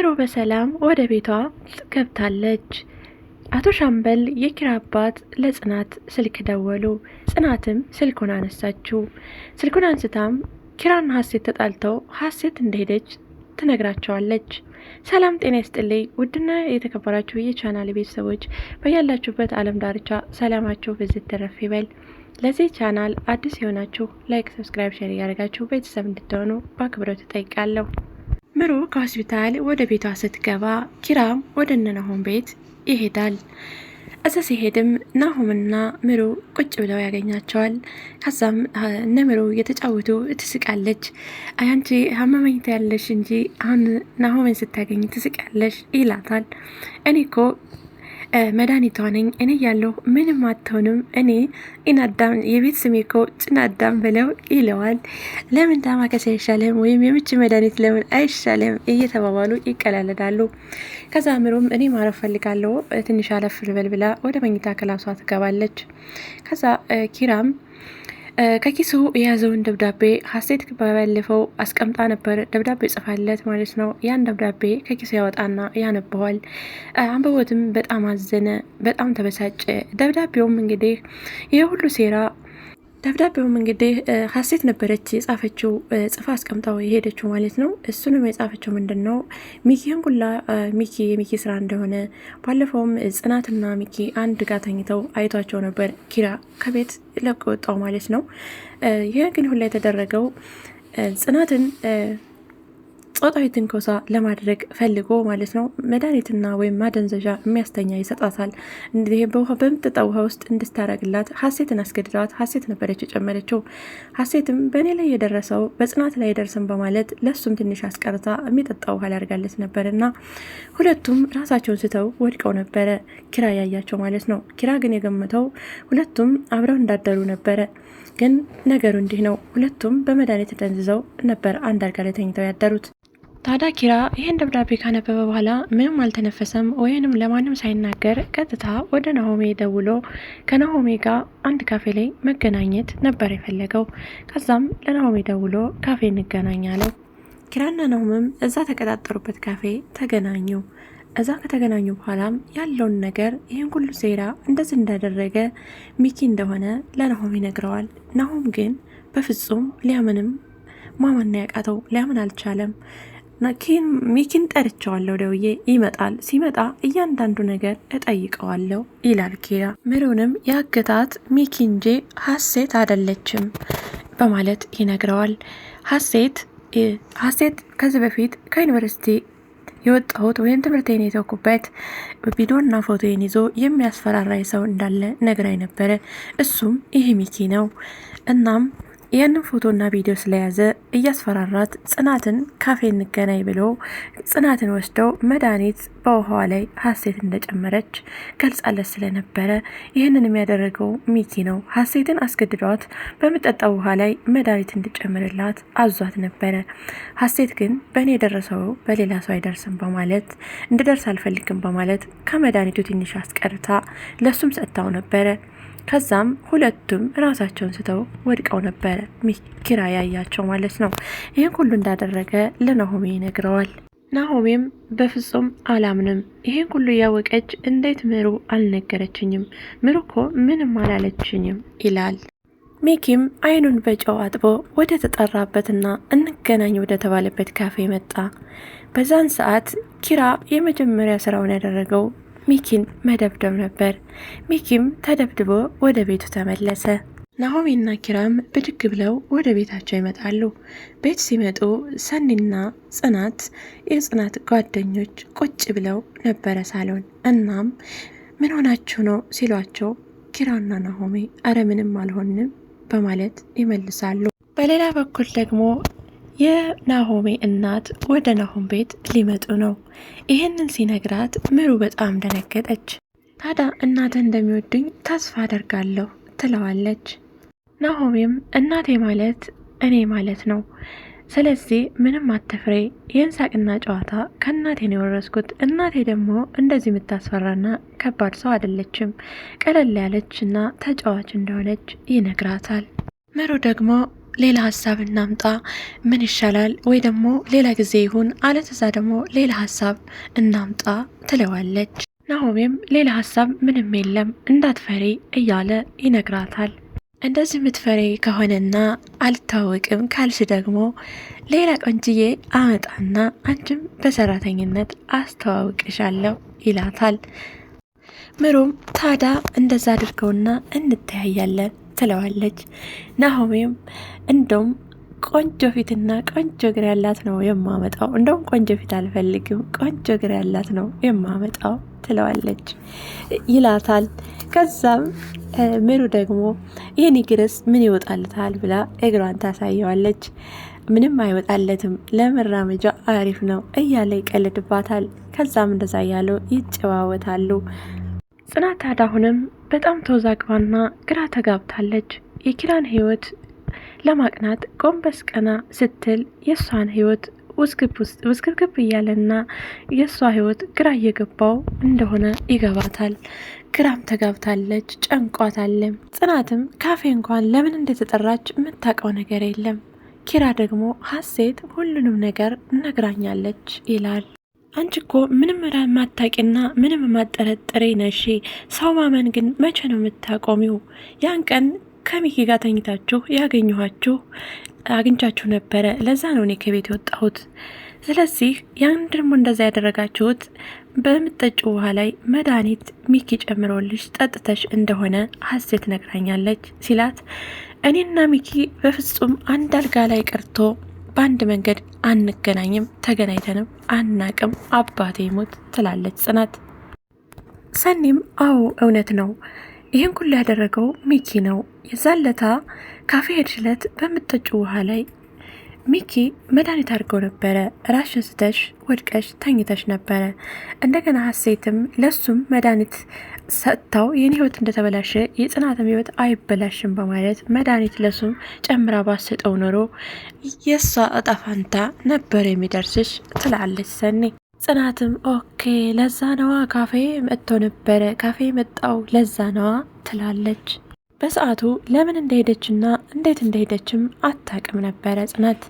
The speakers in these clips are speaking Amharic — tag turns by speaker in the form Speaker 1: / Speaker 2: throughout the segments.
Speaker 1: ምሩ በሰላም ወደ ቤቷ ገብታለች። አቶ ሻምበል የኪራ አባት ለጽናት ስልክ ደወሉ። ጽናትም ስልኩን አነሳችው። ስልኩን አንስታም ኪራና ሀሴት ተጣልተው ሀሴት እንደሄደች ትነግራቸዋለች። ሰላም ጤና ይስጥልኝ ውድና የተከበራችሁ የቻናል ቤተሰቦች በያላችሁበት ዓለም ዳርቻ ሰላማችሁ ብዝት ትረፍ ይበል። ለዚህ ቻናል አዲስ የሆናችሁ ላይክ፣ ሰብስክራይብ፣ ሼር እያደረጋችሁ ቤተሰብ እንድትሆኑ በአክብሮት እጠይቃለሁ። ምሩ ከሆስፒታል ወደ ቤቷ ስትገባ ኪራም ወደ እነ ናሆም ቤት ይሄዳል። እዛ ሲሄድም ናሆምና ምሩ ቁጭ ብለው ያገኛቸዋል። ከዛም እነ ምሩ እየተጫወቱ ትስቃለች። አያንቺ ሀመመኝታ ያለሽ እንጂ አሁን ናሆምን ስታገኝ ትስቃለሽ ይላታል። እኔ እኮ መድኃኒቷ ነኝ እኔ ያለሁ ምንም አትሆንም እኔ ኢናዳም የቤት ስሜ እኮ ጭናዳም ብለው ይለዋል። ለምን ዳማከሴ አይሻልም ወይም የምች መድኃኒት ለምን አይሻልም እየተባባሉ ይቀላለዳሉ። ከዛ ምሩም እኔ ማረፍ ፈልጋለሁ ትንሽ አለፍ ልበል ብላ ወደ መኝታ ክላሷ ትገባለች። ከዛ ኪራም ከኪሱ የያዘውን ደብዳቤ ሀሴት ባለፈው አስቀምጣ ነበር ደብዳቤ ጽፋለት ማለት ነው። ያን ደብዳቤ ከኪሱ ያወጣና ያነበዋል። አንብቦትም በጣም አዘነ፣ በጣም ተበሳጨ። ደብዳቤውም እንግዲህ ይህ ሁሉ ሴራ ደብዳቤውም እንግዲህ ሀሴት ነበረች የጻፈችው ጽፋ አስቀምጣው የሄደችው ማለት ነው። እሱንም የጻፈችው ምንድን ነው ሚኪን ኩላ ሚኪ የሚኪ ስራ እንደሆነ ባለፈውም ጽናትና ሚኪ አንድ ጋር ተኝተው አይቷቸው ነበር። ኪራ ከቤት ለቅ ወጣው ማለት ነው። ይህ ግን ሁላ የተደረገው ጽናትን ጾታዊ ትንኮሳ ለማድረግ ፈልጎ ማለት ነው መድኃኒትና ወይም ማደንዘዣ የሚያስተኛ ይሰጣታል። እንዲህ በውሃ በምትጠጣ ውሃ ውስጥ እንድታረግላት ሀሴትን አስገድደዋት ሀሴት ነበረች የጨመረችው። ሀሴትም በእኔ ላይ የደረሰው በጽናት ላይ ደርስም በማለት ለሱም ትንሽ አስቀርታ የሚጠጣ ውሃ ላደርጋለት ነበር እና ሁለቱም ራሳቸውን ስተው ወድቀው ነበረ ኪራ ያያቸው ማለት ነው። ኪራ ግን የገመተው ሁለቱም አብረው እንዳደሩ ነበረ። ግን ነገሩ እንዲህ ነው። ሁለቱም በመድኃኒት ደንዝዘው ነበር አንድ አልጋ ላይ ተኝተው ያደሩት። ታዲያ ኪራ ይህን ደብዳቤ ካነበበ በኋላ ምንም አልተነፈሰም፣ ወይንም ለማንም ሳይናገር ቀጥታ ወደ ናሆሜ ደውሎ ከናሆሜ ጋር አንድ ካፌ ላይ መገናኘት ነበር የፈለገው። ከዛም ለናሆሜ ደውሎ ካፌ እንገናኝ አለው። ኪራና ናሆምም እዛ ተቀጣጠሩበት ካፌ ተገናኙ። እዛ ከተገናኙ በኋላም ያለውን ነገር ይህን ሁሉ ሴራ እንደዚህ እንዳደረገ ሚኪ እንደሆነ ለናሆም ይነግረዋል። ናሆም ግን በፍጹም ሊያምንም ማመን ያቃተው ሊያምን አልቻለም። ሚኪን ጠርቸዋለሁ ደውዬ ይመጣል። ሲመጣ እያንዳንዱ ነገር እጠይቀዋለሁ ይላል ኪራ። ምሩንም ያገታት ሚኪ እንጂ ሀሴት አይደለችም በማለት ይነግረዋል። ሀሴት ሀሴት ከዚህ በፊት ከዩኒቨርሲቲ የወጣሁት ወይም ትምህርቴን የተውኩበት ቪዲዮና ፎቶዬን ይዞ የሚያስፈራራኝ ሰው እንዳለ ነግራኝ ነበረ። እሱም ይሄ ሚኪ ነው። እናም ያንን ፎቶና ቪዲዮ ስለያዘ እያስፈራራት ጽናትን ካፌ እንገናኝ ብሎ ጽናትን ወስደው መድኃኒት በውሃዋ ላይ ሀሴት እንደጨመረች ገልጻለት ስለነበረ ይህንን የሚያደረገው ሚኪ ነው። ሀሴትን አስገድዷት በምጠጣው ውሃ ላይ መድኃኒት እንድጨምርላት አዟት ነበረ። ሀሴት ግን በእኔ የደረሰው በሌላ ሰው አይደርስም በማለት እንድደርስ አልፈልግም በማለት ከመድኃኒቱ ትንሽ አስቀርታ ለሱም ሰጥታው ነበረ። ከዛም ሁለቱም ራሳቸውን ስተው ወድቀው ነበረ። ኪራ ያያቸው ማለት ነው። ይህን ሁሉ እንዳደረገ ለናሆሜ ይነግረዋል። ናሆሜም በፍጹም አላምንም፣ ይህን ሁሉ እያወቀች እንዴት ምሩ አልነገረችኝም? ምሩ እኮ ምንም አላለችኝም ይላል። ሚኪም አይኑን በጨው አጥቦ ወደ ተጠራበትና እንገናኝ ወደ ተባለበት ካፌ መጣ። በዛን ሰዓት ኪራ የመጀመሪያ ስራውን ያደረገው ሚኪን መደብደብ ነበር። ሚኪም ተደብድቦ ወደ ቤቱ ተመለሰ። ናሆሜና ኪራም ብድግ ብለው ወደ ቤታቸው ይመጣሉ። ቤት ሲመጡ ሰኒና ጽናት የጽናት ጓደኞች ቁጭ ብለው ነበረ ሳሎን። እናም ምን ሆናችሁ ነው ሲሏቸው ኪራና ናሆሜ አረ ምንም አልሆንም በማለት ይመልሳሉ። በሌላ በኩል ደግሞ የናሆሜ እናት ወደ ናሆም ቤት ሊመጡ ነው። ይህንን ሲነግራት ምሩ በጣም ደነገጠች። ታዲያ እናተ እንደሚወዱኝ ተስፋ አደርጋለሁ ትለዋለች። ናሆሜም እናቴ ማለት እኔ ማለት ነው፣ ስለዚህ ምንም አትፍሬ፣ ይህን ሳቅና ጨዋታ ከእናቴ ነው የወረስኩት። እናቴ ደግሞ እንደዚህ የምታስፈራና ከባድ ሰው አይደለችም፣ ቀለል ያለችና ተጫዋች እንደሆነች ይነግራታል። ምሩ ደግሞ ሌላ ሀሳብ እናምጣ፣ ምን ይሻላል ወይ ደግሞ ሌላ ጊዜ ይሁን አለትዛ ደግሞ ሌላ ሀሳብ እናምጣ ትለዋለች። ናሆሜም ሌላ ሀሳብ ምንም የለም እንዳትፈሪ እያለ ይነግራታል። እንደዚህ የምትፈሪ ከሆነና አልታወቅም ካልሽ ደግሞ ሌላ ቆንጅዬ አመጣና አንቺም በሰራተኝነት አስተዋውቅሻለሁ ይላታል። ምሩም ታዳ እንደዛ አድርገውና እንተያያለን ትለዋለች። ናሆሜም እንደውም ቆንጆ ፊትና ቆንጆ እግር ያላት ነው የማመጣው፣ እንደውም ቆንጆ ፊት አልፈልግም፣ ቆንጆ እግር ያላት ነው የማመጣው ትለዋለች ይላታል። ከዛም ምሩ ደግሞ ይህን እግርስ ምን ይወጣልታል ብላ እግሯን ታሳየዋለች። ምንም አይወጣለትም፣ ለመራመጃ አሪፍ ነው እያለ ይቀልድባታል። ከዛም እንደዛ እያሉ ይጨዋወታሉ። ጽናት አዳሁንም በጣም ተወዛግባና ግራ ተጋብታለች። የኪራን ህይወት ለማቅናት ጎንበስ ቀና ስትል የእሷን ህይወት ውዝግብግብ እያለና የእሷ ህይወት ግራ እየገባው እንደሆነ ይገባታል። ግራም ተጋብታለች፣ ጨንቋታለም። ጽናትም ካፌ እንኳን ለምን እንደተጠራች የምታውቀው ነገር የለም። ኪራ ደግሞ ሀሴት ሁሉንም ነገር ነግራኛለች ይላል። አንቺ እኮ ምንም ማታቂና ምንም ማጠረጠሬ ነሽ። ሰው ማመን ግን መቼ ነው የምታቆሚው? ያን ቀን ከሚኪ ጋር ተኝታችሁ ያገኘኋችሁ አግኝቻችሁ ነበረ። ለዛ ነው እኔ ከቤት የወጣሁት። ስለዚህ ያን ደግሞ እንደዛ ያደረጋችሁት በምጠጭ ውሃ ላይ መድኃኒት ሚኪ ጨምሮልሽ ጠጥተሽ እንደሆነ ሀሴት ነግራኛለች ሲላት እኔና ሚኪ በፍጹም አንድ አልጋ ላይ ቀርቶ በአንድ መንገድ አንገናኝም፣ ተገናኝተንም አናቅም አባቴ ሞት ትላለች ጽናት። ሰኒም አዎ እውነት ነው፣ ይህን ሁሉ ያደረገው ሚኪ ነው። የዛን ለታ ካፌ ሄድሽለት በምትጠጪው ውሃ ላይ ሚኪ መድኃኒት አድርገው ነበረ። ራሽን ስተሽ ወድቀሽ ተኝተሽ ነበረ። እንደገና ሀሴትም ለሱም መድኃኒት ሰጥታው የኔ ህይወት እንደተበላሸ የጽናትም ህይወት አይበላሽም በማለት መድኃኒት ለሱም ጨምራ ባሰጠው ኖሮ የእሷ እጣፋንታ ነበር የሚደርስሽ ትላለች ሰኔ። ጽናትም ኦኬ ለዛ ነዋ ካፌ መጥቶ ነበረ፣ ካፌ መጣው ለዛ ነዋ ትላለች። በሰዓቱ ለምን እንደሄደችና እንዴት እንደሄደችም አታቅም ነበረ ጽናት።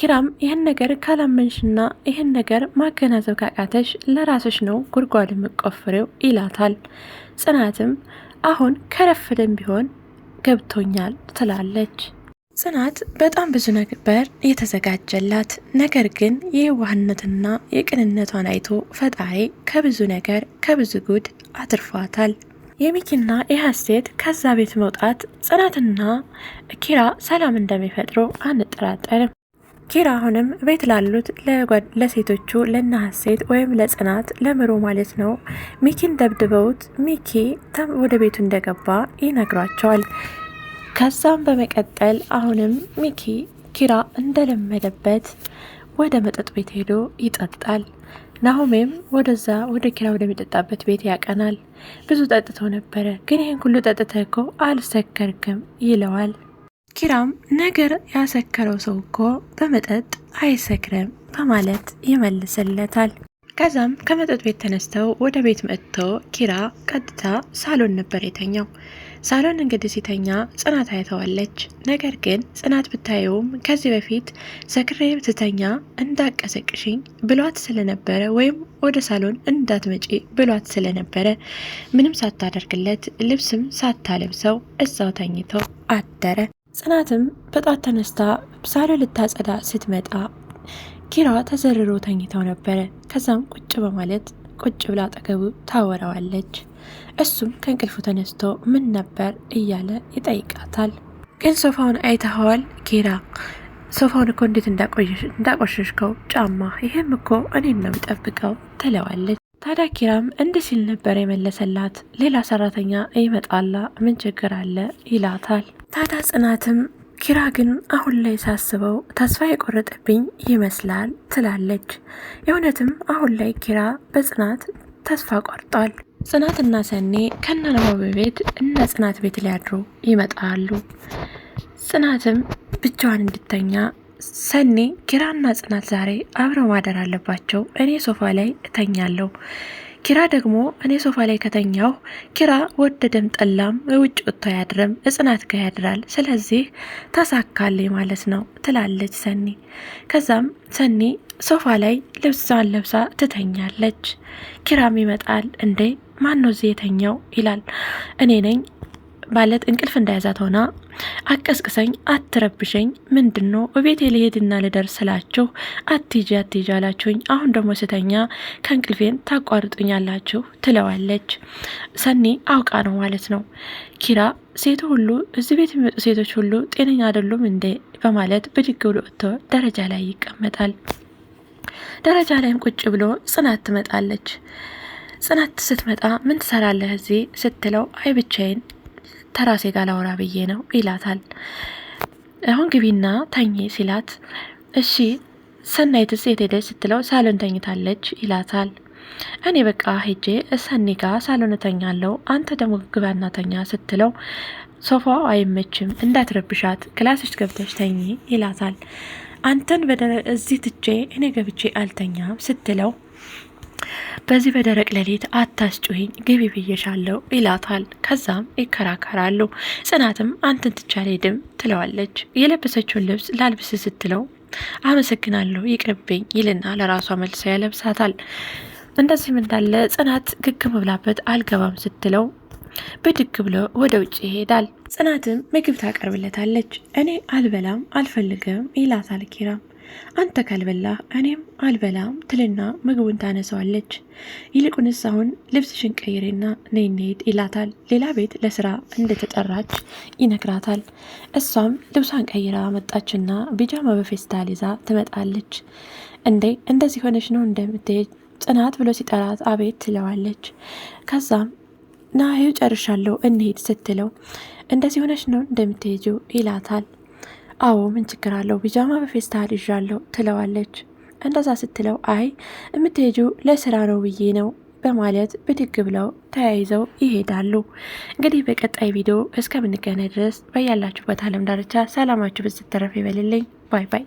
Speaker 1: ኪራም ይህን ነገር ካላመንሽና ይህን ነገር ማገናዘብ ካቃተሽ ለራስሽ ነው ጉድጓድ የምቆፍሬው ይላታል። ጽናትም አሁን ከረፍደን ቢሆን ገብቶኛል ትላለች። ጽናት በጣም ብዙ ነበር የተዘጋጀላት። ነገር ግን የዋህነትና የቅንነቷን አይቶ ፈጣሪ ከብዙ ነገር ከብዙ ጉድ አትርፏታል። የሚኪና የሀሴት ከዛ ቤት መውጣት ጽናትና ኪራ ሰላም እንደሚፈጥሩ አንጠራጠርም። ኪራ አሁንም ቤት ላሉት ለሴቶቹ ለእነ ሴት ወይም ለጽናት ለምሮ ማለት ነው ሚኪን ደብድበውት ሚኪ ወደ ቤቱ እንደገባ ይነግሯቸዋል። ከዛም በመቀጠል አሁንም ሚኪ ኪራ እንደለመደበት ወደ መጠጥ ቤት ሄዶ ይጠጣል። ናሆሜም ወደዛ ወደ ኪራ ወደሚጠጣበት ቤት ያቀናል። ብዙ ጠጥቶ ነበረ፣ ግን ይህን ሁሉ ጠጥተህ እኮ አልሰከርክም ይለዋል። ኪራም ነገር ያሰከረው ሰው እኮ በመጠጥ አይሰክረም በማለት ይመልስለታል። ከዛም ከመጠጥ ቤት ተነስተው ወደ ቤት መጥቶ ኪራ ቀጥታ ሳሎን ነበር የተኛው። ሳሎን እንግዲህ ሲተኛ ጽናት አይተዋለች። ነገር ግን ጽናት ብታየውም ከዚህ በፊት ሰክሬ ስተኛ እንዳቀሰቅሽኝ ብሏት ስለነበረ ወይም ወደ ሳሎን እንዳትመጪ ብሏት ስለነበረ ምንም ሳታደርግለት ልብስም ሳታለብሰው እዛው ተኝቶ አደረ። ጽናትም በጧት ተነስታ ሳሎን ልታጸዳ ስትመጣ ኪራ ተዘርሮ ተኝተው ነበረ። ከዛም ቁጭ በማለት ቁጭ ብላ አጠገቡ ታወራዋለች። እሱም ከእንቅልፉ ተነስቶ ምን ነበር እያለ ይጠይቃታል። ግን ሶፋውን አይተኸዋል ኪራ? ሶፋውን እኮ እንዴት እንዳቆሸሽከው ጫማ፣ ይህም እኮ እኔን ነው የምጠብቀው ትለዋለች። ታዲያ ኪራም እንዲህ ሲል ነበር የመለሰላት፣ ሌላ ሰራተኛ ይመጣላ ምን ችግር አለ ይላታል። ታዲያ ጽናትም ኪራ ግን አሁን ላይ ሳስበው ተስፋ የቆረጠብኝ ይመስላል ትላለች። የእውነትም አሁን ላይ ኪራ በጽናት ተስፋ ቆርጧል። ጽናትና ሰኔ ከነናባቢ ቤት እነ ጽናት ቤት ሊያድሩ ይመጣሉ። ጽናትም ብቻዋን እንድተኛ ሰኔ ኪራና ጽናት ዛሬ አብረው ማደር አለባቸው፣ እኔ ሶፋ ላይ እተኛለሁ ኪራ ደግሞ እኔ ሶፋ ላይ ከተኛሁ ኪራ ወደደም ጠላም ውጭ ወጥቶ አያድርም፣ እጽናት ጋ ያድራል። ስለዚህ ታሳካሌ ማለት ነው ትላለች ሰኒ። ከዛም ሰኒ ሶፋ ላይ ልብሷን ለብሳ ትተኛለች። ኪራም ይመጣል። እንዴ ማን ነው እዚህ የተኛው ይላል። እኔ ነኝ ማለት እንቅልፍ እንዳያዛት ሆና አቀስቅሰኝ፣ አትረብሸኝ፣ ምንድን ነው እቤቴ ልሄድና ልደርስ ስላችሁ አትጂ አትጂ አላችሁኝ። አሁን ደግሞ ስተኛ ከእንቅልፌን ታቋርጡኛላችሁ ትለዋለች። ሰኒ አውቃ ነው ማለት ነው። ኪራ ሴቱ ሁሉ እዚህ ቤት የሚመጡ ሴቶች ሁሉ ጤነኛ አይደሉም እንዴ በማለት ብድግ ብሎ ወጥቶ ደረጃ ላይ ይቀመጣል። ደረጃ ላይም ቁጭ ብሎ ጽናት ትመጣለች። ጽናት ስትመጣ ምን ትሰራለህ እዚህ ስትለው አይ ብቻዬን ተራሴ ጋር ላውራ ብዬ ነው ይላታል። አሁን ግቢና ተኚ ሲላት እሺ ሰናይትስ የት ሄደች ስትለው ሳሎን ተኝታለች ይላታል። እኔ በቃ ሄጄ እሰኒ ጋ ሳሎን እተኛለሁ አንተ ደግሞ ግባና ተኛ ስትለው ሶፋ አይመችም እንዳትረብሻት ክላስች ገብተች ተኚ ይላታል። አንተን በደረ እዚህ ትቼ እኔ ገብቼ አልተኛም ስትለው በዚህ በደረቅ ሌሊት አታስጩኝ ግቢ ብዬሻለው ይላታል። ከዛም ይከራከራሉ። ጽናትም አንተን ትቼ አልሄድም ትለዋለች። የለበሰችውን ልብስ ላልብስ ስትለው አመሰግናለሁ ይቅርብኝ ይልና ለራሷ መልሰው ያለብሳታል። እንደዚህም እንዳለ ጽናት ግግም ብላበት አልገባም ስትለው ብድግ ብሎ ወደ ውጭ ይሄዳል። ጽናትም ምግብ ታቀርብለታለች። እኔ አልበላም አልፈልግም ይላታል ኪራም። አንተ ካልበላህ እኔም አልበላም ትልና ምግቡን ታነሰዋለች። ይልቁንስ አሁን ልብስሽን ቀይሬና ነይ እንሂድ ይላታል። ሌላ ቤት ለስራ እንደተጠራች ይነግራታል። እሷም ልብሷን ቀይራ መጣችና ቢጃማ በፌስታል ይዛ ትመጣለች። እንዴ እንደዚህ ሆነች ነው እንደምትሄድ ጽናት ብሎ ሲጠራት አቤት ትለዋለች። ከዛም ና ይኸው ጨርሻለሁ እንሄድ ስትለው እንደዚህ ሆነች ነው እንደምትሄጁ ይላታል። አዎ ምን ችግር አለው ቢጃማ በፌስታል ይዣለሁ ትለዋለች። እንደዛ ስትለው አይ የምትሄጁ ለስራ ነው ብዬ ነው በማለት ብድግ ብለው ተያይዘው ይሄዳሉ። እንግዲህ በቀጣይ ቪዲዮ እስከምንገናኝ ድረስ በያላችሁበት ዓለም ዳርቻ ሰላማችሁ ብዝትረፍ ይበልልኝ። ባይ ባይ